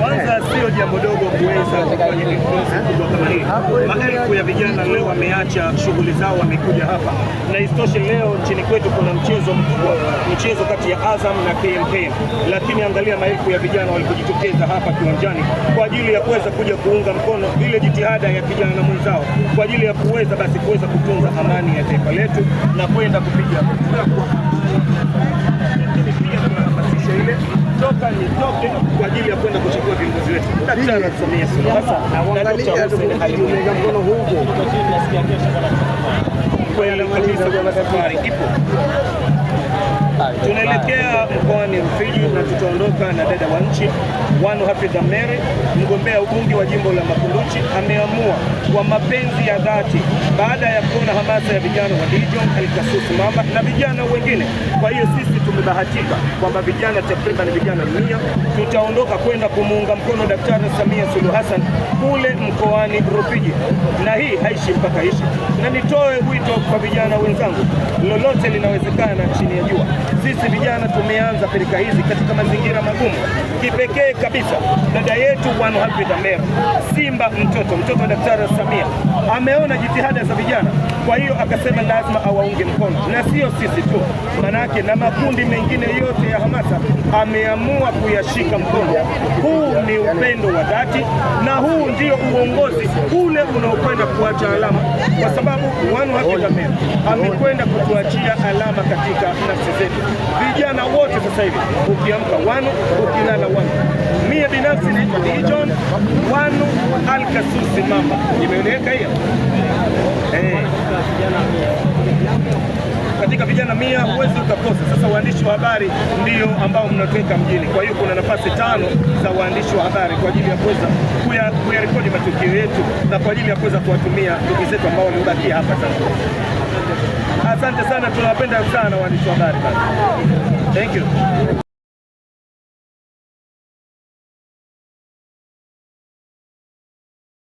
Kwanza sio jambo dogo kuweza kufanya influence kubwa kama hii. Maelfu ya vijana leo wameacha shughuli zao wamekuja hapa, na isitoshe leo nchini kwetu kuna mchezo mkubwa, mchezo kati ya Azam na KMKM, lakini angalia maelfu ya vijana walipojitokeza hapa kiwanjani kwa ajili ya kuweza kuja kuunga mkono ile jitihada ya kijana na mwenzao kwa ajili ya kuweza basi kuweza kutunza amani ya taifa letu na kwenda kupiga viongozi wetu Tunaelekea mkoani Rufiji na tutaondoka na dada wa nchi Wanu Hafidh Ameir, mgombea ubunge wa jimbo la Makunduchi ame kwa mapenzi ya dhati, baada ya kuona hamasa ya vijana wa Dijon alikasusu mama na vijana wengine. Kwa hiyo sisi tumebahatika kwamba vijana takriban vijana mia tutaondoka kwenda kumuunga mkono Daktari Samia Suluhu Hassan kule mkoani Rufiji, na hii haishi mpaka ishi. Na nitoe wito kwa vijana wenzangu, lolote linawezekana chini ya jua. Sisi vijana tumeanza pirika hizi katika mazingira magumu. Kipekee kabisa dada yetu Wanu Hafidh Amer Simba, mtoto mtoto wa Daktari pia ameona jitihada za vijana, kwa hiyo akasema lazima awaunge mkono, na sio sisi tu, manake na makundi mengine yote ya hamasa ameamua kuyashika mkono. Huu ni upendo wa dhati, na huu ndio uongozi ule unaokwenda kuacha alama, kwa sababu Wanuhaki Dlamini amekwenda kutuachia alama katika nafsi zetu vijana wote. Sasa hivi ukiamka Wanu, ukilala Wanu. Mie binafsi naitwa Dijon Wanu Alkasusi mama, nimeeleweka hiyo eh. Katika vijana mia huwezi ukakosa. Sasa waandishi wa habari ndio ambao mnatweka mjini, kwa hiyo kuna nafasi tano za waandishi wa habari kwa ajili ya kuweza kuyarekodi matukio yetu na kwa ajili ya kuweza kuwatumia ndugu zetu ambao wamebakia hapa sasa. Asante sana, tunawapenda sana waandishi wa habari. Thank you.